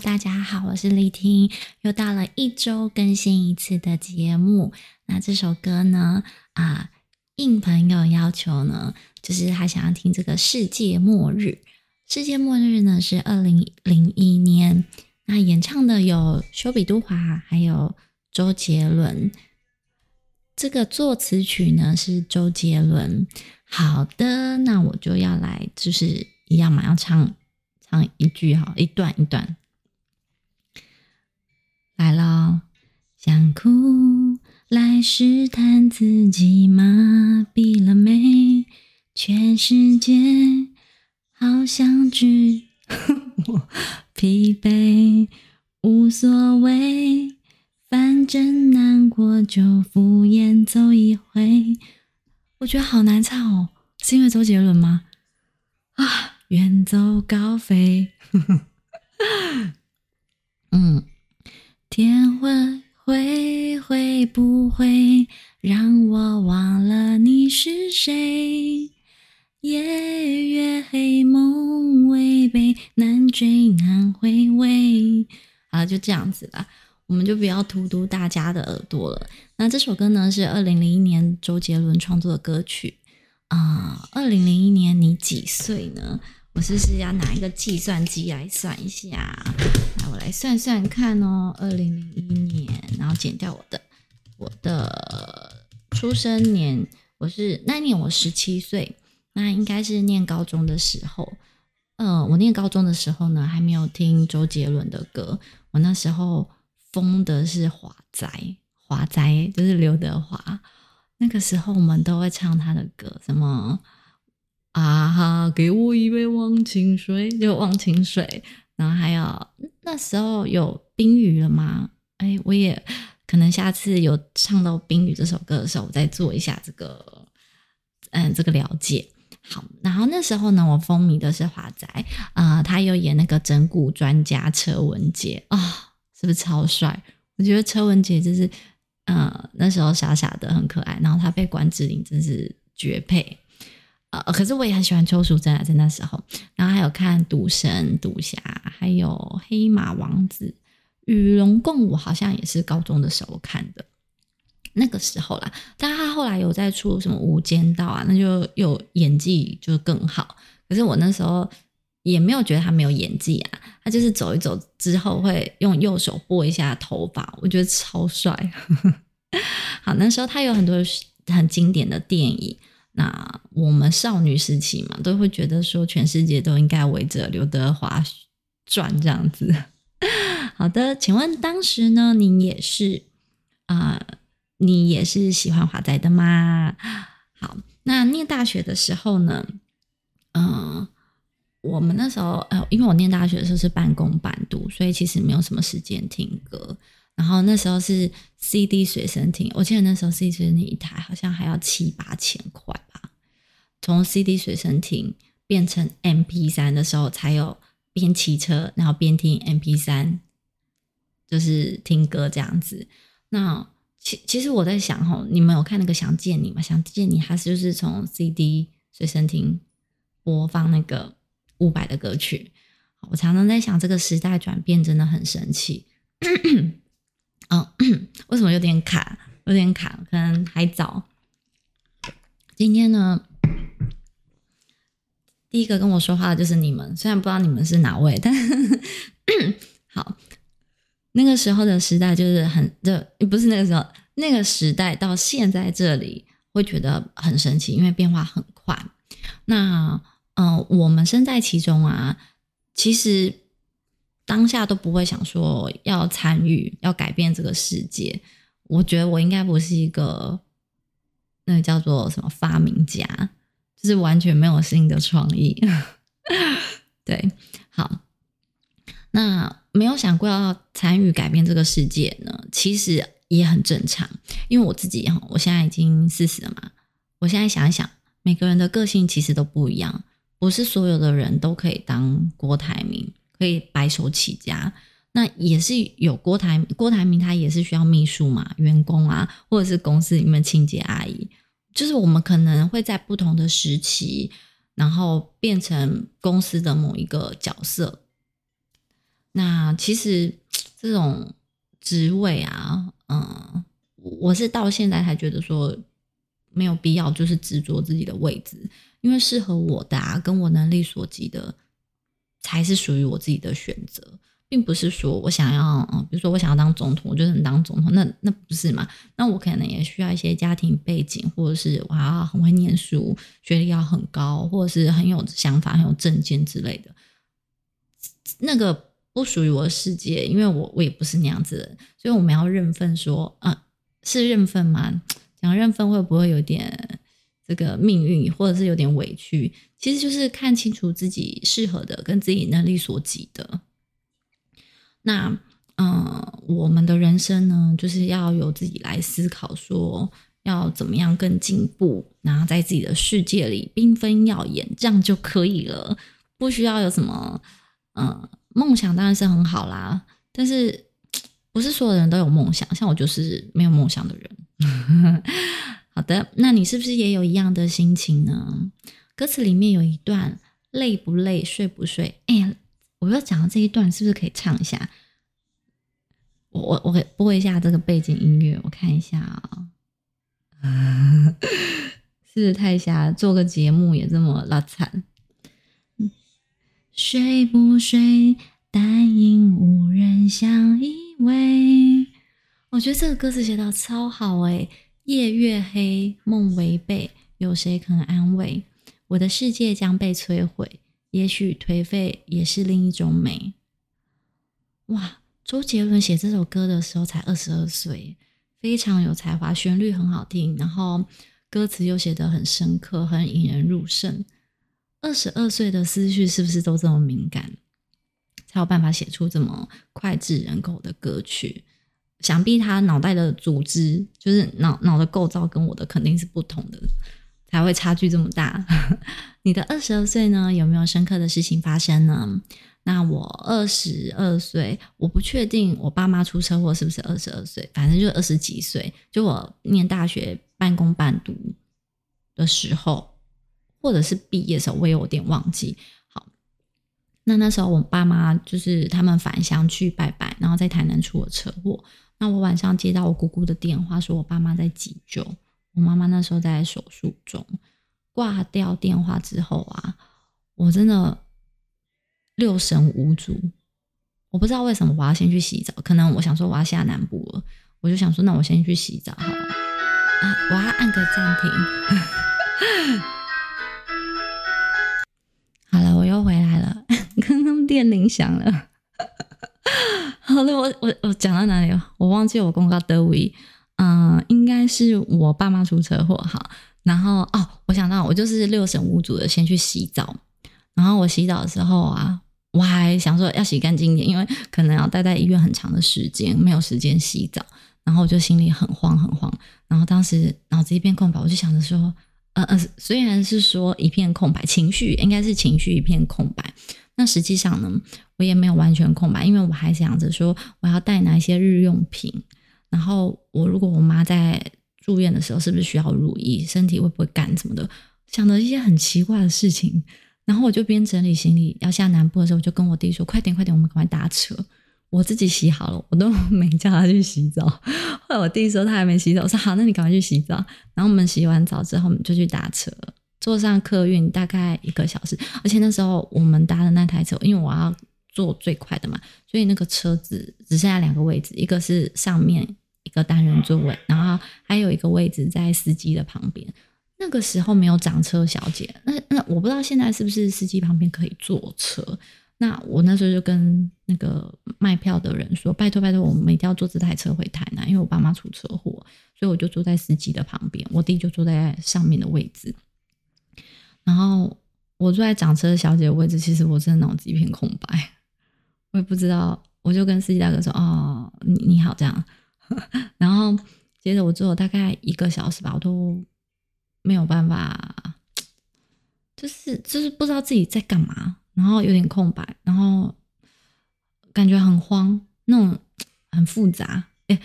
大家好，我是麗婷，又到了一周更新一次的節目。那這首歌呢，啊，應朋友要求呢，就是還想要聽這個《世界末日》。《世界末日》呢是二零零一年，那演唱的有咻比嘟華還有周杰倫。這個作詞曲呢是周杰倫。好的，那我就要來，就是一樣嘛，要唱唱一句哈，一段一段。哭來試探自己麻痹了沒？全世界好像只 我疲憊無所謂，反正難過就敷衍走一回。我覺得好難唱哦，是因為周杰倫嗎？啊，遠走高飛， 嗯，天灰。會會不會讓我忘了你是誰？夜越黑，夢違背，難追難回味。好了就這樣子吧，我們就不要荼毒大家的耳朵了。那這首歌呢，是二零零一年周杰倫創作的歌曲。啊、呃，二零零一年你幾歲呢？我是不是要拿一個計算機來算一下？算算看哦，二零零一年，然後減掉我的我的出生年，我是那年我十七歲，那應該是念高中的時候。嗯、呃，我念高中的時候呢，還沒有聽周杰倫的歌，我那時候瘋的是華仔，華仔就是劉德華。那個時候我們都會唱他的歌，什麼啊哈，給我一杯忘情水，就忘情水，然後還有。那時候有冰雨了嗎？哎，我也可能下次有唱到冰雨這首歌的時候，我再做一下這個，嗯，這個了解。好，然後那時候呢，我瘋迷的是華仔，啊、呃，他又演那個整蠱專家車文傑啊、哦，是不是超帥？我覺得車文傑就是，嗯、呃，那時候傻傻的很可愛，然後他被關之琳真是絕配。呃，可是我也很喜歡邱淑貞啊，在那時候，然後還有看《賭神》《賭俠》，還有《黑馬王子》《與龍共舞》，好像也是高中的時候看的，那個時候啦。但是他後來有在出什麼《無間道》啊，那就有演技就更好。可是我那時候也沒有覺得他沒有演技啊，他就是走一走之後會用右手撥一下頭髮，我覺得超帥。 好，那時候他有很多很經典的電影。那我們少女時期嘛，都會覺得說全世界都應該圍着劉德華轉這樣子。 好的，請問當時呢，你也是啊、呃？你也是喜歡華仔的嗎？好，那念大學的時候呢，嗯、呃，我們那時候，呃，因為我念大學的時候是半工半讀，所以其實沒有什麼時間聽歌。然後那時候是 CD 隨身聽，我記得那時候 CD 隨身聽一台好像還要七八千塊。從 CD 隨身聽變成 MP3 的時候，才有邊騎車然後邊聽 MP3，就是聽歌這樣子。那其其實我在想哈、哦，你們有看那個想見你嗎？想見你，還是就是從 CD 隨身聽播放那個伍佰的歌曲。我常常在想，這個時代轉變真的很神奇。嗯、 哦，為什麼有點卡？有點卡，可能還早。今天呢？第一個跟我說話的就是你們，雖然不知道你們是哪位，但 好，那個時候的時代就是很的，不是那個時候，那個時代到現在這裡會覺得很神奇，因為變化很快。那嗯、呃，我們身在其中啊，其實當下都不會想說要參與、要改變這個世界。我覺得我應該不是一個，那個、叫做什麼發明家。是完全沒有新的創意， 對，好，那沒有想過要參與改變這個世界呢，其實也很正常，因為我自己哈，我現在已經四十了嘛，我現在想一想，每個人的個性其實都不一樣，不是所有的人都可以當郭台銘，可以白手起家，那也是有郭台銘郭台銘，他也是需要秘書嘛，員工啊，或者是公司裡面清潔阿姨。就是我們可能會在不同的時期，然後變成公司的某一個角色。那其實這種職位啊，嗯，我是到現在才覺得說沒有必要就是執着自己的位置，因為適合我的啊，跟我能力所及的，才是屬於我自己的選擇。.並不是說我想要，比如說我想要當總統，我就能當總統，那那不是嘛？那我可能也需要一些家庭背景，或者是我要很會念書，學歷要很高，或者是很有想法、很有政見之類的。那個不屬於我的世界，因為我我也不是那樣子的，所以我們要認份，說啊，是認份嗎？講認份會不會有點這個命運，或者是有點委屈？其實就是看清楚自己適合的，跟自己能力所及的。那，嗯、呃，我們的人生呢，就是要由自己來思考，說要怎麼樣更進步，然後在自己的世界裡繽紛耀眼，這樣就可以了。不需要有什麼，嗯、呃，夢想當然是很好啦，但是不是所有人都有夢想？像我就是沒有夢想的人。 好的，那你是不是也有一樣的心情呢？歌詞裡面有一段：累不累，睡不睡？哎、欸、呀。我要講的這一段是不是可以唱一下？我我我給播一下這個背景音樂，我看一下、哦、啊。 是太瞎，做個節目也這麼拉慘。睡不睡，單影無人相依偎。我覺得這個歌詞寫到超好誒，夜越黑，夢違背，有誰肯安慰？我的世界將被摧毀。也許頹廢也是另一種美。哇，周杰倫寫這首歌的時候才二十二歲，非常有才華，旋律很好聽，然後歌詞又寫得很深刻，很引人入勝。二十二歲的思緒是不是都這麼敏感，才有辦法寫出這麼膾炙人口的歌曲？想必他腦袋的組織，就是腦腦的構造跟我的肯定是不同的。才會差距這麼大。 你的二十二歲呢？有沒有深刻的事情發生呢？那我二十二歲，我不確定我爸媽出車禍是不是二十二歲，反正就是二十幾歲。就我念大學半工半讀的時候，或者是畢業的時候，我也有點忘記。好，那那時候我爸媽就是他們返鄉去拜拜，然後在台南出了車禍。那我晚上接到我姑姑的電話，說我爸媽在急救。我媽媽那時候在手術中，掛掉電話之後啊，我真的六神無主。我不知道為什麼我要先去洗澡，可能我想說我要下南部了，我就想說那我先去洗澡好了。啊，我要按個暫停。 好了，我又回來了，剛 剛電鈴響了。 好了，我我我講到哪裡了？我忘記我公告德維。嗯，應該是我爸媽出車禍哈，然後哦，我想到我就是六神無主的先去洗澡，然後我洗澡的時候啊，我還想說要洗乾淨一點，因為可能要待在醫院很長的時間，沒有時間洗澡，然後我就心裡很慌很慌，然後當時腦子一片空白，我就想着說，呃嗯，嗯，雖然是說一片空白，情緒應該是情緒一片空白，那實際上呢，我也沒有完全空白，因為我還想着說我要帶哪一些日用品。然後我如果我媽在住院的時候，是不是需要乳液？身體會不會乾什麼的？想到一些很奇怪的事情。然後我就邊整理行李要下南部的時候，我就跟我弟說：“快點，快點，我們趕快搭車。”我自己洗好了，我都沒叫他去洗澡。後來我弟說他還沒洗澡，我說：“好，那你趕快去洗澡。”然後我們洗完澡之後，我們就去搭車，坐上客運大概一個小時。而且那時候我們搭的那台車，因為我要。坐最快的嘛，所以那個車子只剩下兩個位置，一個是上面一個單人座位，然後還有一個位置在司機的旁邊。那個時候沒有掌車小姐，那那我不知道現在是不是司機旁邊可以坐車。那我那時候就跟那個賣票的人說：“拜托拜托，我們一定要坐這台車回台南，因為我爸媽出車禍，所以我就坐在司機的旁邊，我弟就坐在上面的位置，然後我坐在掌車小姐的位置，其實我真的腦子一片空白。”我也不知道，我就跟司機大哥說：“哦，你你好，這樣。 ”然後接着我坐了大概一個小時吧，我都沒有辦法，就是就是不知道自己在幹嘛，然後有點空白，然後感覺很慌，那種很複雜，哎，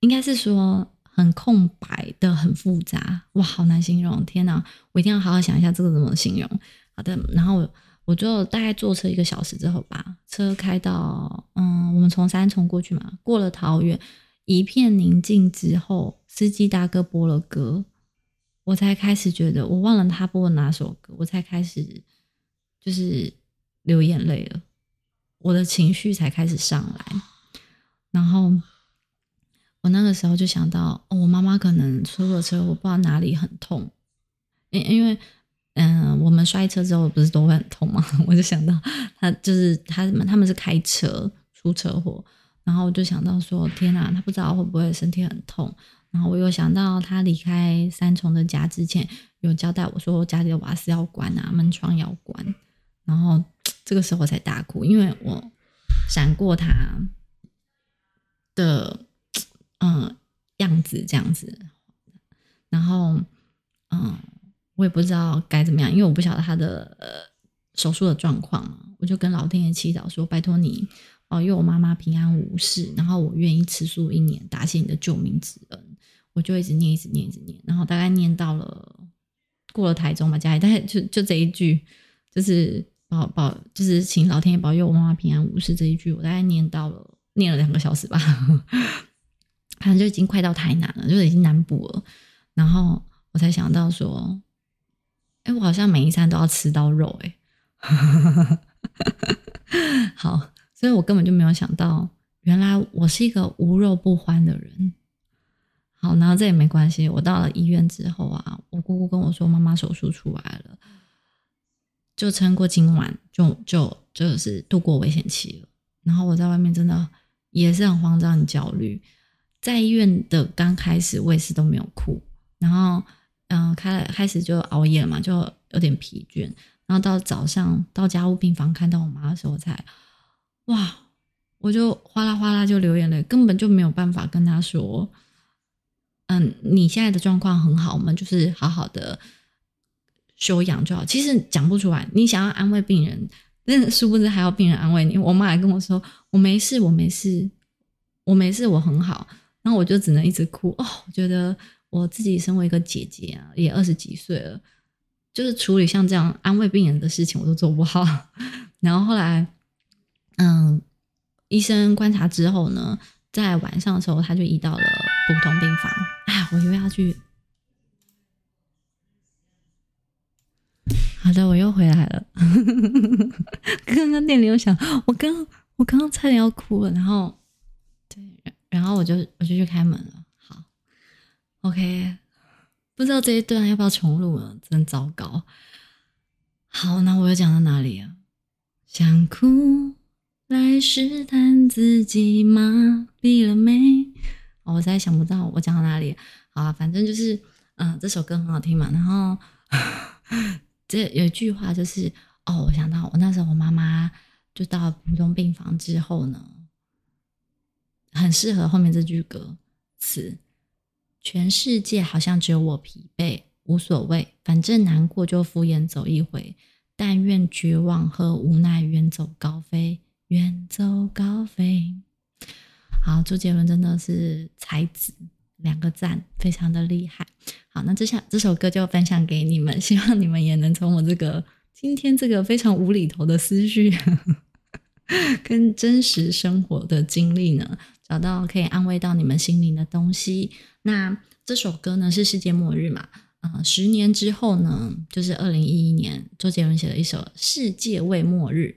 應該是說很空白的很複雜，哇，好難形容！天吶，我一定要好好想一下這個怎麼形容。好的，然後我就大概坐車一個小時之後吧，車開到，嗯，我們從三重過去嘛，過了桃園，一片寧靜之後，司機大哥播了歌，我才開始覺得，我忘了他播了哪首歌，我才開始就是流眼淚了，我的情緒才開始上來，然後我那個時候就想到，哦，我媽媽可能出了車禍，我不知道哪裡很痛，因因為。嗯、呃，我們摔車之後不是都會很痛嗎？ 我就想到他就是他們，他們是開車出車禍，然後我就想到說天哪，他不知道會不會身體很痛。然後我又想到他離開三重的家之前有交代我說我家裡的瓦斯要關啊，門窗要關。然後這個時候我才大哭，因為我閃過他的嗯、呃、樣子這樣子，然後嗯。呃我也不知道該怎麼樣，因為我不曉得他的呃手術的狀況嘛，我就跟老天爺祈禱說：“拜托你哦，保佑我媽媽平安無事。”然後我願意吃素一年，答謝你的救命之恩。我就一直念，一直念，一直念，然後大概念到了過了台中嘛，家裡大概就就這一句，就是保保，就是請老天爺保佑我媽媽平安無事這一句，我大概念到了念了兩個小時吧， 反正就已經快到台南了，就是已經南部了，然後我才想到說。哎、欸，我好像每一餐都要吃到肉、欸，哎， 好，所以我根本就沒有想到，原來我是一個無肉不歡的人。好，然後這也沒關係。我到了醫院之後啊，我姑姑跟我說，媽媽手術出來了，就撐過今晚就，就就就是度過危險期了。然後我在外面真的也是很慌張、很焦慮。在醫院的剛開始，我也是都沒有哭。然後。嗯，開、呃、開始就熬夜了嘛，就有點疲倦。然後到早上到加護病房看到我媽的時候才，才哇，我就嘩啦嘩啦就流眼淚，根本就沒有辦法跟她說：“嗯，你現在的狀況很好，我們就是好好的休養就好。”其實講不出來，你想要安慰病人，那殊不知還要病人安慰你。我媽還跟我說：“我沒事，我沒事，我沒事，我很好。”然後我就只能一直哭哦，我覺得。我自己身為一個姐姐啊，也二十幾歲了，就是處理像這樣安慰病人的事情，我都做不好。然後後來，嗯，醫生觀察之後呢，在晚上的時候，他就移到了普通病房。哎，我又要去，好的，我又回來了。 剛剛店裡又響，我剛我剛剛差點要哭了。然後，對，然後我就我就去開門了。OK，不知道這一段要不要重錄了，真糟糕。好，那我又講到哪裡啊？想哭來試探自己麻痹了沒？哦，我實在想不到我講到哪裡。好啊，反正就是，嗯、呃，這首歌很好聽嘛。然後 這有一句話就是，哦，我想到我那時候我媽媽就到普通病房之後呢，很適合後面這句歌詞。全世界好像只有我疲憊，無所謂，反正難過就敷衍走一回。但願絕望和無奈遠走高飛，遠走高飛。好，周杰倫真的是才子，兩個讚，非常的厲害。好，那這下這首歌就分享給你們，希望你們也能從我這個今天這個非常無厘頭的思緒。 跟真實生活的經歷呢，找到可以安慰到你們心靈的東西。那這首歌呢，是世界末日嘛？呃，十年之後呢，就是二零一一年，周杰倫寫了一首《世界未末日》。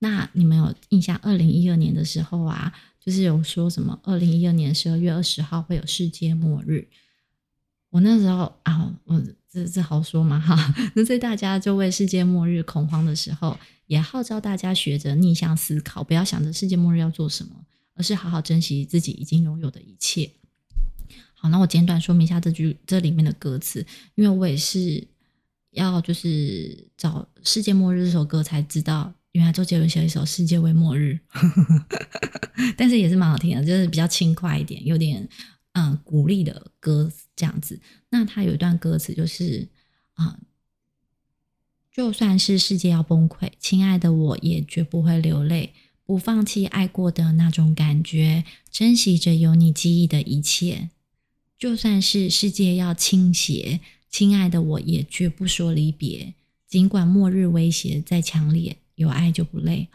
那你們有印象？二零一二年的時候啊，就是有說什麼二零一二年十二月二十號會有世界末日。我那時候啊，我這這好說嘛哈。 那在大家就為世界末日恐慌的時候。也號召大家學着逆向思考，不要想着世界末日要做什麼，而是好好珍惜自己已經擁有的一切。好，那我簡短說明一下這句這裡面的歌詞，因為我也是要就是找《世界末日》這首歌才知道，原來周杰倫寫了一首《世界未末日》， 但是也是蠻好聽的，就是比較輕快一點，有點嗯鼓勵的歌這樣子。那他有一段歌詞就是啊。嗯就算是世界要崩潰，親愛的，我也絕不會流淚，不放棄愛過的那種感覺，珍惜着有你記憶的一切。就算是世界要傾斜，親愛的，我也絕不說離別。儘管末日威脅再強烈，有愛就不累。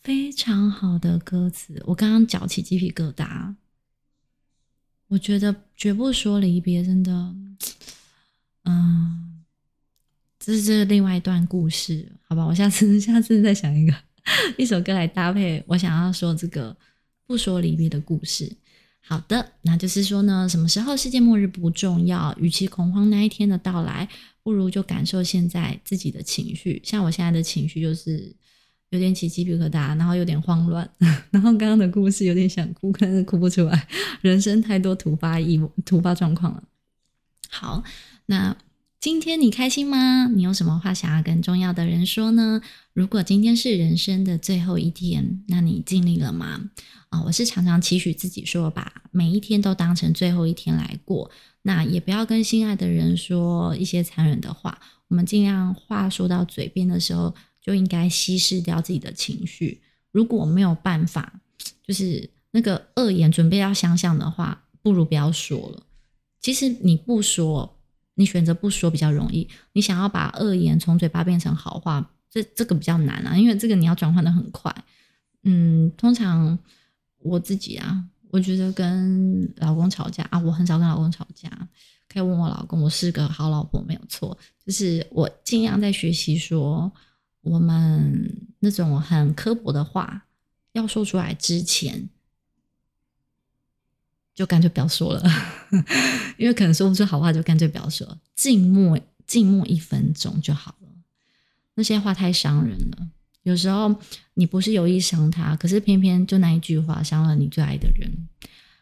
非常好的歌詞，我剛剛嚼起雞皮疙瘩。我覺得絕不說離別，真的，嗯。這是這是另外一段故事，好吧，我下次下次再想一個一首歌來搭配。我想要說這個不說離別的故事。好的，那就是說呢，什麼時候世界末日不重要，與其恐慌那一天的到來，不如就感受現在自己的情緒。像我現在的情緒就是有點起雞皮疙瘩，然後有點慌亂，然後剛剛的故事有點想哭，但是哭不出來，人生太多突發意突發狀況了。好，那。今天你開心嗎？你有什麼話想要跟重要的人說呢？如果今天是人生的最後一天，那你盡力了嗎？啊、呃，我是常常期許自己說吧，把每一天都當成最後一天來過。那也不要跟心愛的人說一些殘忍的話。我們盡量話說到嘴邊的時候就應該稀釋掉自己的情緒。如果沒有辦法，就是那個惡言準備要想想的話，不如不要說了。其實你不說。你選擇不說比較容易，你想要把惡言從嘴巴變成好話，這這個比較難啊，因為這個你要轉換的很快。嗯，通常我自己啊，我覺得跟老公吵架啊，我很少跟老公吵架。可以問我老公，我是個好老婆沒有錯，就是我盡量在學習說，我們那種很刻薄的話要說出來之前。就乾脆不要說了， 因為可能說不出好話，就乾脆不要說了，靜默靜默一分鐘就好了。那些話太傷人了，有時候你不是有意傷他，可是偏偏就那一句話傷了你最愛的人。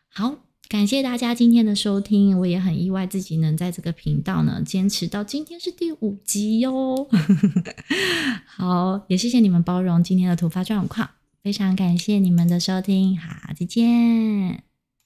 好，感謝大家今天的收聽，我也很意外自己能在這個頻道呢堅持到今天是第五集喲。 好，也謝謝你們包容今天的突發狀況，非常感謝你們的收聽，好，再見。